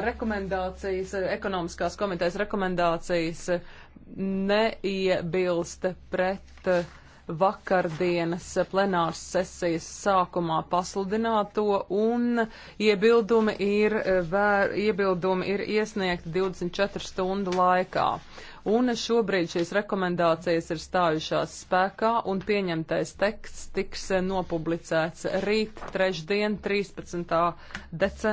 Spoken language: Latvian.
rekomendācijas, ekonomiskās komitejas rekomendācijas neiebilst pret vakardienas plenāras sesijas sākumā pasludināto un iebildumi ir, vēr, iebildumi ir iesniegti 24 stundu laikā. Un šobrīd šīs rekomendācijas ir stājušās spēkā un pieņemtais teksts tiks nopublicēts rīt trešdien 13. decembrī.